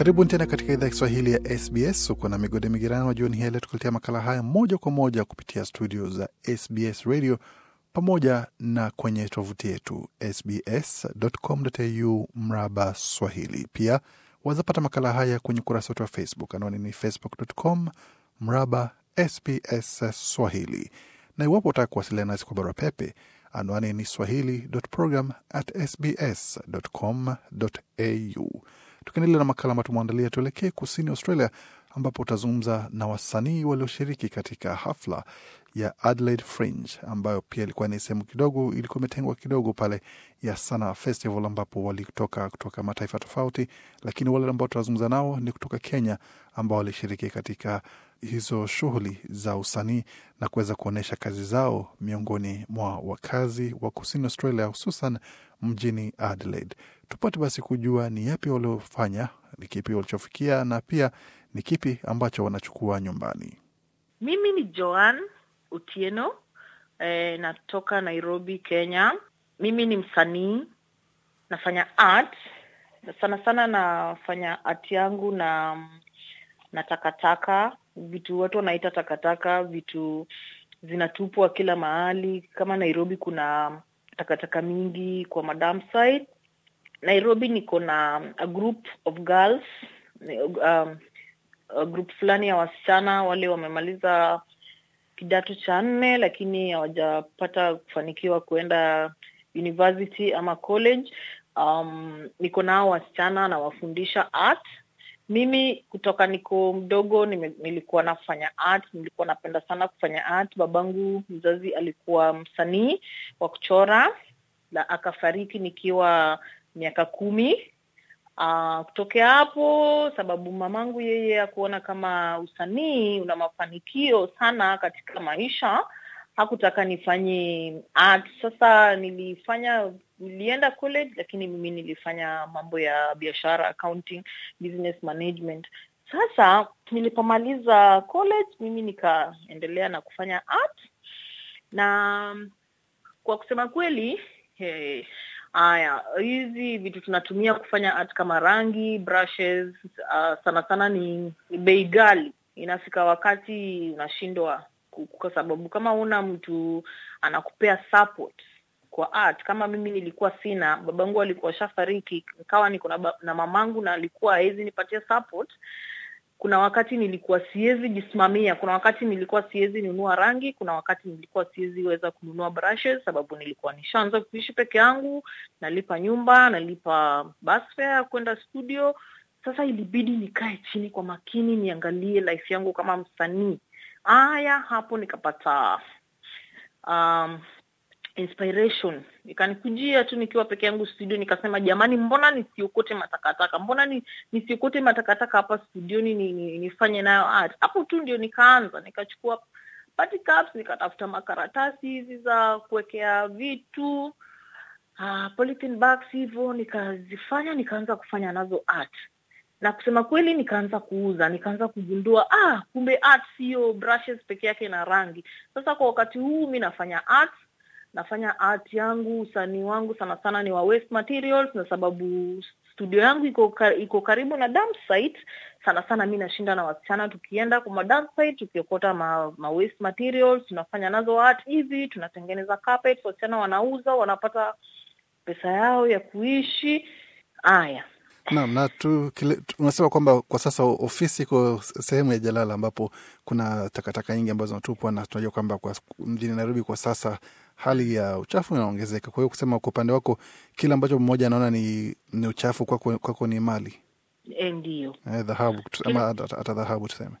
Karibuni tena katika idhaa ya Kiswahili ya SBS. Uko na Migode Migirano jioni hii leo, tukuletea makala haya moja kwa moja kupitia studio za SBS Radio pamoja na kwenye tovuti yetu sbs.com.au mraba swahili. Pia wazapata makala haya kwenye ukurasa wetu wa Facebook, anwani ni facebook.com mraba SBS swahili, na iwapo utaka kuwasiliana nasi kwa barua pepe, anwani ni swahili.program@sbs.com.au. Tukiendelea na makala ambayo tumeandalia, tuelekee kusini Australia ambapo utazungumza na wasanii walioshiriki katika hafla ya Adelaide Fringe ambayo pia ilikuwa ni sehemu kidogo, ilikuwa imetengwa kidogo pale ya Sana Festival, ambapo walitoka kutoka mataifa tofauti, lakini wale ambao tunazungumza nao ni kutoka Kenya ambao walishiriki katika hizo shughuli za usanii na kuweza kuonyesha kazi zao miongoni mwa wakazi wa kusini Australia, hususan mjini Adelaide tupate basi kujua ni yapi waliofanya, ni kipi walichofikia na pia ni kipi ambacho wanachukua nyumbani. Mimi ni Joan Utieno eh, natoka Nairobi, Kenya. Mimi ni msanii, nafanya art sana sana, nafanya art yangu na na takataka, vitu watu wanaita takataka, vitu zinatupwa kila mahali. Kama Nairobi kuna takataka mingi kwa madam site Nairobi niko na um, a group of girls um, a group fulani ya wasichana wale wamemaliza kidato cha nne lakini hawajapata kufanikiwa kuenda university ama college. Um, niko nao wasichana nawafundisha art. Mimi kutoka niko mdogo nime, nilikuwa nafanya art, nilikuwa napenda sana kufanya art. Babangu mzazi alikuwa msanii wa kuchora na akafariki nikiwa miaka kumi. Uh, kutokea hapo, sababu mamangu yeye akuona kama usanii una mafanikio sana katika maisha, hakutaka nifanye art. Sasa nilifanya nilienda college, lakini mimi nilifanya mambo ya biashara, accounting, business management. Sasa nilipomaliza college, mimi nikaendelea na kufanya art, na kwa kusema kweli hey, eh, Haya, hizi vitu tunatumia kufanya art kama rangi brushes, uh, sana sana ni bei ghali. Inafika wakati unashindwa, kwa sababu kama una mtu anakupea support kwa art. Kama mimi nilikuwa sina, babangu alikuwa shafariki, nikawa niko na mamangu na alikuwa hawezi nipatia support kuna wakati nilikuwa siwezi jisimamia, kuna wakati nilikuwa siwezi nunua rangi, kuna wakati nilikuwa siwezi weza kununua brushes sababu nilikuwa nishaanza kuishi peke yangu, nalipa nyumba, nalipa bus fare kwenda studio. Sasa ilibidi nikae chini kwa makini, niangalie life yangu kama msanii. Haya, hapo nikapata um, inspiration ikanikujia tu nikiwa peke yangu studio nikasema jamani mbona nisiokote matakataka mbona ni, nisiokote matakataka hapa studioni ni, ni, nifanye nayo art hapo tu ndio nikaanza nikachukua party cups nikatafuta makaratasi hizi za kuwekea vitu uh, polythene bags hivyo nikazifanya nikaanza kufanya nazo art na kusema kweli nikaanza kuuza nikaanza kugundua ah kumbe art siyo brushes peke yake na rangi sasa kwa wakati huu mi nafanya arts nafanya art yangu, usanii wangu sana sana ni wa waste materials, na sababu studio yangu iko iko karibu na dump site. Sana sana mi nashinda na wasichana, tukienda kwa dump site tukiokota ma, ma waste materials, tunafanya nazo art hivi, tunatengeneza carpet, wasichana wanauza, wanapata pesa yao ya kuishi. Haya, na, Na unasema kwamba kwa sasa ofisi iko sehemu ya Jalala ambapo kuna takataka nyingi ambazo zinatupwa, na tunajua kwamba kwa mjini Nairobi kwa sasa hali ya uchafu inaongezeka. Kwa hiyo kusema kwa upande wako, kile ambacho mmoja anaona ni, ni uchafu kwako kwa ni mali eh, ndio eh, dhahabu hata dhahabu tuseme,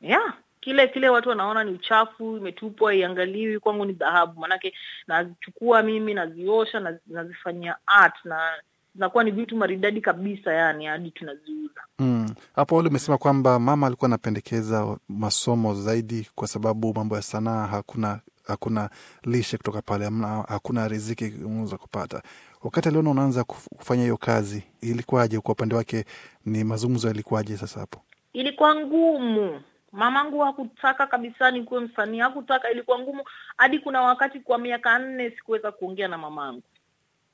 yeah kile kile watu wanaona ni uchafu, imetupwa, iangaliwi, kwangu ni dhahabu. Maanake nazichukua mimi, naziosha, naz, nazifanyia art na zinakuwa ni vitu maridadi kabisa, yani hadi tunaziuza. Mm. wale umesema kwamba mama alikuwa anapendekeza masomo zaidi, kwa sababu mambo ya sanaa hakuna hakuna lishe kutoka pale, hakuna riziki za kupata. Wakati aliona unaanza kufanya hiyo kazi, ilikuwaje kwa upande wake? Ni mazungumzo yalikuwaje sasa hapo? Ilikuwa ngumu Mamangu hakutaka kabisa nikuwe msanii, hakutaka. Ilikuwa ngumu, hadi kuna wakati kwa miaka nne sikuweza kuongea na mamangu.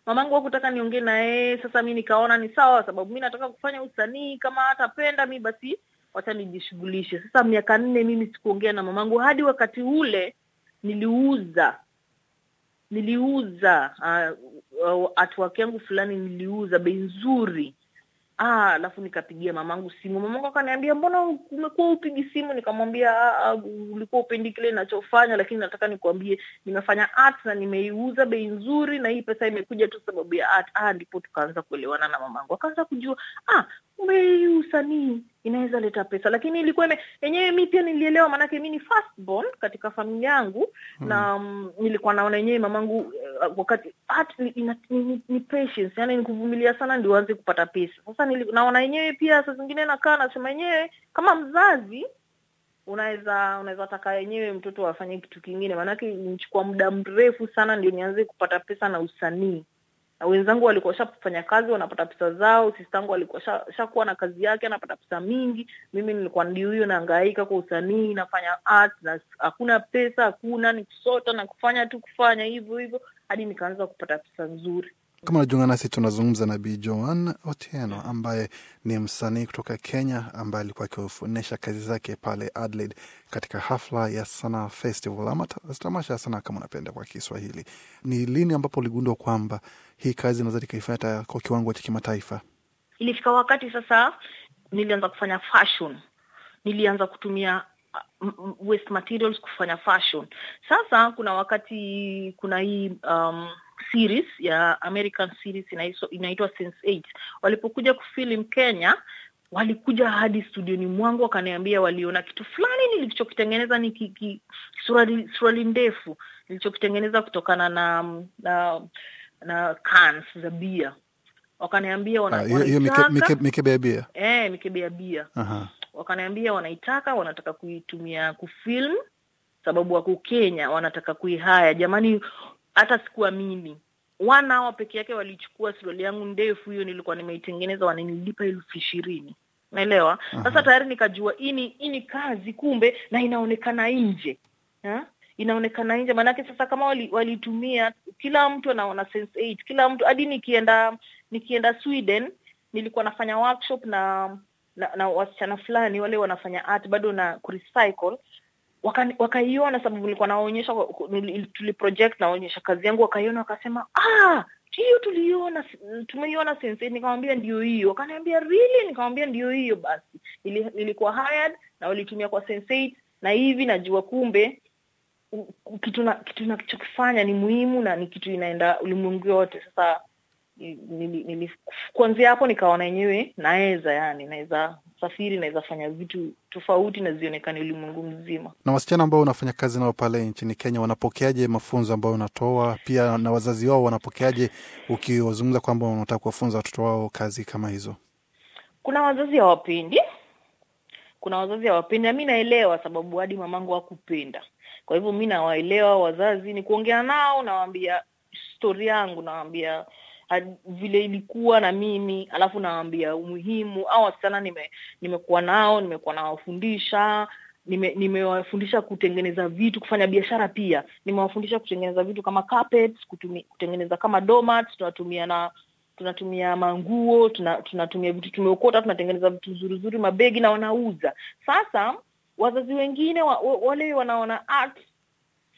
Mamangu hakutaka niongee na yeye. Sasa mi nikaona ni sawa, sababu mi nataka kufanya usanii, kama atapenda mi basi wacha nijishughulishe. Sasa miaka nne mimi sikuongea na mamangu, hadi wakati ule niliuza niliuza uh, uh, yangu fulani niliuza bei nzuri ah, alafu nikapigia mamangu simu. Mamangu akaniambia mbona umekuwa upigi simu? Nikamwambia ah, ulikuwa upendi kile inachofanya lakini nataka nikuambie nimefanya art na nimeiuza bei nzuri, na hii pesa imekuja tu sababu ya art. Ah, ndipo tukaanza kuelewana na mamangu, akaanza kujua ah, umeiusanii usanii inaweza leta pesa, lakini ilikuwa yenyewe, mi pia nilielewa, maanake mi ni first born katika familia yangu hmm. mm. na um, nilikuwa naona yenyewe mamangu uh, wakati at, ni, ni, ni, ni patience, yani nikuvumilia sana ndio uanze kupata pesa. Sasa naona yenyewe pia saa zingine nakaa nasema yenyewe kama mzazi unaweza unaweza taka yenyewe mtoto afanye kitu kingine, maanake nchukua muda mrefu sana ndio nianze kupata pesa na usanii wenzangu walikuwa shafanya kazi wanapata pesa zao, sistangu alikuwa shakuwa na kazi yake anapata pesa mingi. Mimi nilikuwa ndio huyo naangaika kwa usanii, nafanya art na hakuna pesa, hakuna nikusota na kufanya tu kufanya hivyo hivyo, hadi nikaanza kupata pesa nzuri. Kama unajiunga nasi, tunazungumza na Bi Joan Otieno mm. ambaye ni msanii kutoka Kenya ambaye alikuwa akionyesha kazi zake pale Adelaide katika hafla ya Sanaa Festival ama tamasha ya sanaa kama unapenda kwa Kiswahili. Ni lini ambapo uligundua kwamba hii kazi inaweza ikaifanya hata kwa kiwango cha kimataifa? Ilifika wakati sasa nilianza kufanya fashion, nilianza kutumia waste materials kufanya fashion. Sasa kuna wakati kuna hii um, series ya American series inaitwa Sense Eight. Walipokuja kufilim Kenya, walikuja hadi studioni mwangu wakaniambia waliona kitu fulani nilichokitengeneza ni suruali ndefu nilichokitengeneza kutokana na na, na cans za bia wakaniambia ah, hiyo mikebe ya bia eh, mikebe ya bia wakaniambia wanaitaka, wanataka kuitumia kufilm sababu wako Kenya, wanataka kuihaya. Jamani, hata sikuwa mimi. Wana hawa peke yake walichukua suruali yangu ndefu, hiyo nilikuwa nimeitengeneza, wananilipa elfu ishirini. Naelewa sasa, tayari nikajua hii ni kazi kumbe, na inaonekana nje inaonekana nje maanake, sasa kama walitumia wali, kila mtu anaona sense kila mtu hadi nikienda nikienda Sweden nilikuwa nafanya workshop na na, na wasichana fulani wale wanafanya art bado na kurecycle wakaiona waka sababu nilikuwa naonyesha, tuliproject naonyesha kazi yangu, wakaiona wakasema, ah, hiyo tuliona, tumeiona sense. Nikamwambia ndio hiyo, wakaniambia really? Nikamwambia ndio hiyo. Basi nilikuwa hired na walitumia kwa sense, na hivi najua kumbe kitu na kitu nachokifanya ni muhimu na ni kitu inaenda ulimwengu yote. Sasa kuanzia hapo nikaona yenyewe naweza, yani naweza kusafiri naweza fanya vitu tofauti na zionekane ulimwengu mzima. Na wasichana ambao unafanya kazi nao pale nchini Kenya wanapokeaje mafunzo ambayo unatoa, pia na wazazi wao wanapokeaje ukiwazungumza kwamba unataka kuwafunza watoto wao kazi kama hizo? Kuna wazazi hawapendi, kuna wazazi hawapendi, na mi naelewa sababu hadi mamangu hakupenda. Kwa hivyo mi nawaelewa wazazi, ni kuongea nao, nawaambia stori yangu, nawaambia vile ilikuwa na mimi, alafu nawaambia umuhimu au wasichana nime, nimekuwa nao nimekuwa nawafundisha nimewafundisha nime kutengeneza vitu, kufanya biashara pia. Nimewafundisha kutengeneza vitu kama carpets, kutumi, kutengeneza kama domat tunatumia na tunatumia manguo, tuna, tunatumia vitu tumeokota, tunatengeneza vitu zuri zuri mabegi na wanauza. Sasa wazazi wengine wa, wale wanaona arts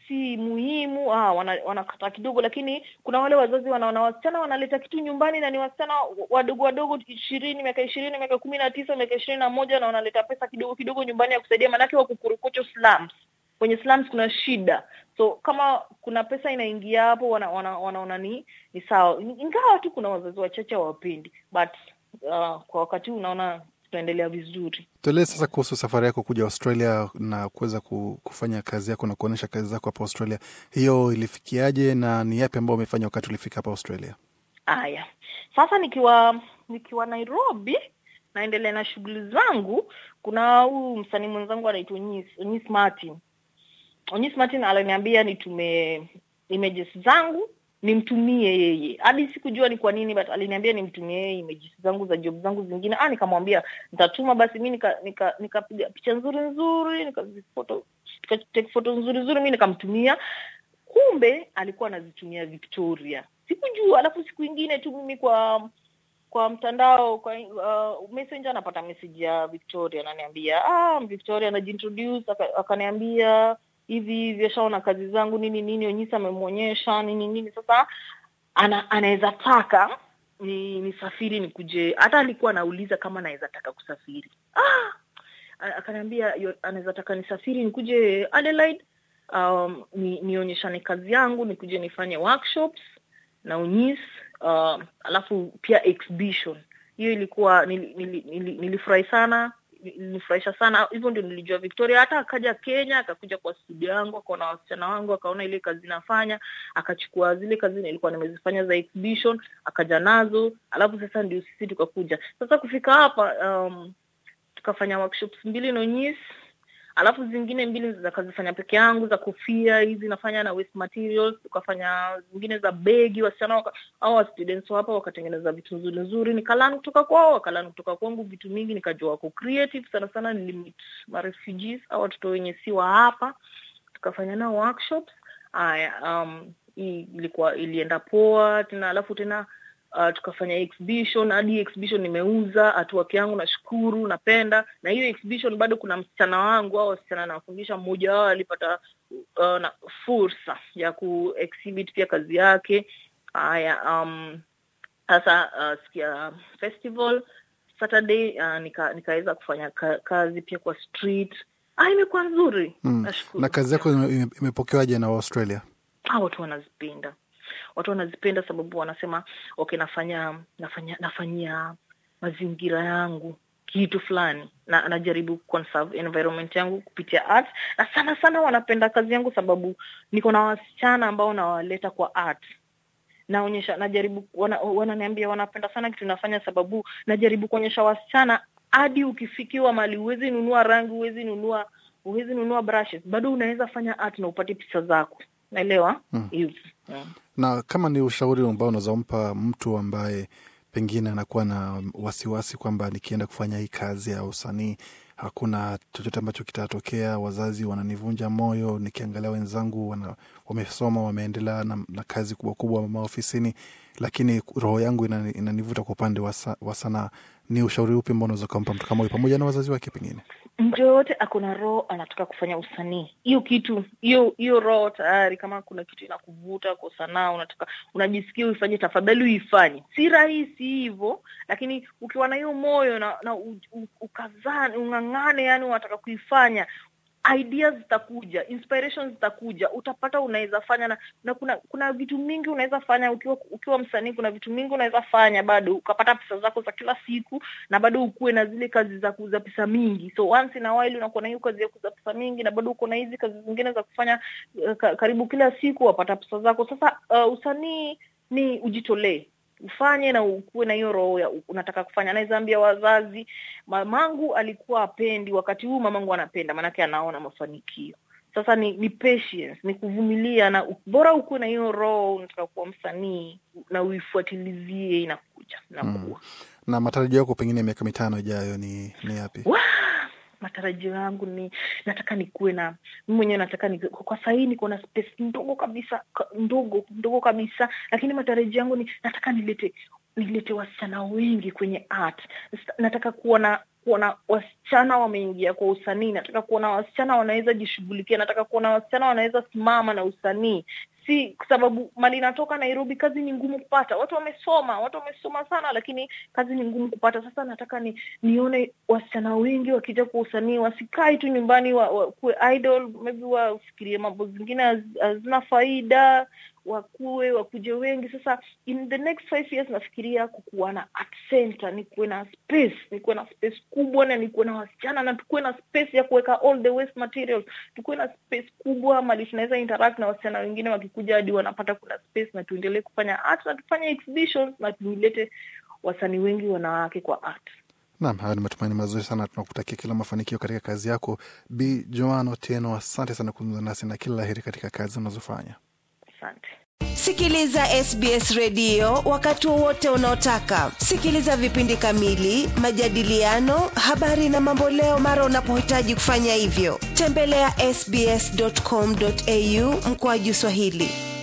si muhimu ah, wanakata wana kidogo, lakini kuna wale wazazi wanaona wasichana wanaleta kitu nyumbani na ni wasichana wadogo wadogo, ishirini, miaka ishirini, miaka kumi na tisa, miaka ishirini na moja, na wanaleta pesa kidogo kidogo nyumbani ya kusaidia, maanake wako Korokocho slums kwenye slums kuna shida, so kama kuna pesa inaingia hapo, wanaona wana, wana ni ni sawa, ingawa tu kuna wazazi wachache hawapendi, but uh, kwa wakati unaona tutaendelea vizuri. tuelee sasa kuhusu safari yako kuja Australia na kuweza kufanya kazi yako na kuonyesha kazi zako hapa Australia. Hiyo ilifikiaje na ni yapi ambayo umefanya wakati ulifika hapa Australia? Haya, sasa nikiwa nikiwa Nairobi naendelea na shughuli zangu, kuna huyu msanii mwenzangu anaitwa Onyis, Onyis Martin. Onyis Martin aliniambia nitume images zangu nimtumie yeye. Hadi sikujua ni kwa nini, but aliniambia nimtumie yeye images zangu za job zangu zingine. Ah, nikamwambia nitatuma. Basi mi nikapiga nika, nika, nika picha nzuri nzuri, nikatake foto nzuri nzuri, mi nikamtumia. Kumbe alikuwa anazitumia Victoria, sikujua. Alafu siku ingine tu mimi kwa kwa mtandao kwa uh, messenger anapata message ya Victoria, ananiambia ah, Victoria anajiintroduce, akaniambia hivi hivi, ashaona kazi zangu nini nini, Onyisa amemwonyesha nini nini. Sasa ana, anaweza taka ni nisafiri nikuje. Hata alikuwa anauliza kama anaweza taka kusafiri ah! Akaniambia anaweza taka nisafiri nikuje Adelaide, um, ni, nionyeshane kazi yangu nikuje nifanye workshops na unyis uh, um, alafu pia exhibition hiyo ilikuwa nil, nil, nil, nil, nilifurahi sana ilinifurahisha sana. Hivyo ndio nilijua Victoria. Hata akaja Kenya, akakuja kwa studio yangu, akaona wasichana wangu, akaona ile kazi nafanya, akachukua zile kazi nilikuwa nimezifanya za exhibition, akaja nazo, alafu sasa ndio sisi tukakuja sasa kufika hapa um, tukafanya workshops mbili Nonyis alafu zingine mbili zakazifanya peke yangu za kofia hizi nafanya na waste materials tukafanya zingine za begi wasichana au students hapa wakatengeneza vitu nzuri nzuri nikalan kutoka kwao wakalan kutoka kwangu vitu mingi nikajua wako creative sana sana nilimit marefugees au watoto wenye siwa hapa tukafanya nao workshops haya um, ilikuwa ilienda poa tena alafu tena uh, tukafanya exhibition hadi exhibition nimeuza artwork yangu, nashukuru, napenda. Na hiyo exhibition bado kuna msichana wangu au wasichana nawafundisha, mmoja wao alipata uh, na fursa ya ku exhibit pia kazi yake. Haya, um, sasa uh, sikia festival Saturday uh, nikaweza nika kufanya ka, kazi pia kwa street. Ah, imekuwa nzuri mm. Na kazi yako imepokewaje na Australia? Hao ah, watu wanazipenda watu wanazipenda sababu wanasema okay, nafanya nafanya nafanyia mazingira yangu kitu fulani na anajaribu conserve environment yangu kupitia art, na sana sana wanapenda kazi yangu sababu niko na wasichana ambao nawaleta kwa art naonyesha najaribu, wananiambia wana wanapenda sana kitu nafanya, sababu najaribu kuonyesha wasichana, hadi ukifikiwa mali huwezi nunua rangi, huwezi nunua huwezi nunua brushes, bado unaweza fanya art na upate picha zako, naelewa mm. yeah. Na kama ni ushauri ambao unazompa mtu ambaye pengine anakuwa na wasiwasi kwamba nikienda kufanya hii kazi ya usanii hakuna chochote ambacho kitatokea, wazazi wananivunja moyo, nikiangalia wenzangu wana, wamesoma, wameendelea na, na kazi kubwa kubwa maofisini, lakini roho yangu inanivuta kwa upande wa sanaa. Ni ushauri upi ambao unaweza ukampa mtu kama huyu pamoja na wazazi wake? Pengine mtu yoyote akona roho anataka kufanya usanii, hiyo kitu hiyo hiyo roho tayari, kama kuna kitu inakuvuta kwa sanaa, unataka unajisikia uifanye, tafadhali uifanye. Si rahisi hivyo, lakini ukiwa na hiyo moyo na, na ukazani, ung'ang'ane, yani unataka kuifanya, ideas zitakuja, inspirations zitakuja, utapata unaweza fanya na, na kuna kuna vitu mingi unaweza fanya ukiwa ukiwa msanii. Kuna vitu mingi unaweza fanya bado ukapata pesa zako za kila siku na bado ukuwe na zile kazi za kuuza pesa mingi. So once in a while unakuwa na hiyo kazi ya kuuza pesa mingi na bado uko na hizi kazi zingine za kufanya uh, karibu kila siku wapata pesa zako. Sasa uh, usanii ni ujitolee ufanye na ukuwe na hiyo roho ya unataka kufanya. Anaweza ambia wazazi, mamangu alikuwa apendi, wakati huu mamangu anapenda, maanake anaona mafanikio. Sasa ni ni patience, ni kuvumilia, na bora ukuwe na hiyo roho unataka kuwa msanii na uifuatilizie, inakuja nakuwa. Mm. Na matarajio yako pengine miaka mitano ijayo ni ni yapi? matarajio yangu ni nataka nikuwe na mwenyewe, nataka ni, kwa sahii niko na space ndogo kabisa, ndogo ndogo kabisa, lakini matarajio yangu ni nataka nilete nilete wasichana wengi kwenye art, nataka kuona kuona wasichana wameingia kwa usanii, nataka kuona wasichana wanaweza jishughulikia, nataka kuona wasichana wanaweza simama na usanii, si kwa sababu mali inatoka Nairobi, kazi ni ngumu kupata. Watu wamesoma, watu wamesoma sana, lakini kazi ni ngumu kupata. Sasa nataka ni, nione wasichana wengi wakija kwa usanii, wasikae tu nyumbani wa, wa, idol, maybe wafikirie mambo zingine hazina faida wakuwe wakuje wengi. Sasa in the next five years nafikiria kukuwa na art center, nikuwe na space, nikuwe na space kubwa na nikuwe na wasichana na tukuwe na space ya kuweka all the waste materials, tukuwe na space kubwa mali tunaweza interact na wasichana wengine, wakikuja hadi wanapata kuna space, na tuendelee kufanya art na tufanye exhibitions na tuilete wasanii wengi wanawake kwa art. nam hayo ni matumaini mazuri sana. Tunakutakia kila mafanikio katika kazi yako, b Joano teno Asante sana kuzungumza nasi na kila laheri katika kazi unazofanya asante sikiliza sbs redio wakati wowote unaotaka sikiliza vipindi kamili majadiliano habari na mamboleo mara unapohitaji kufanya hivyo tembelea ya sbscomau mkoaju swahili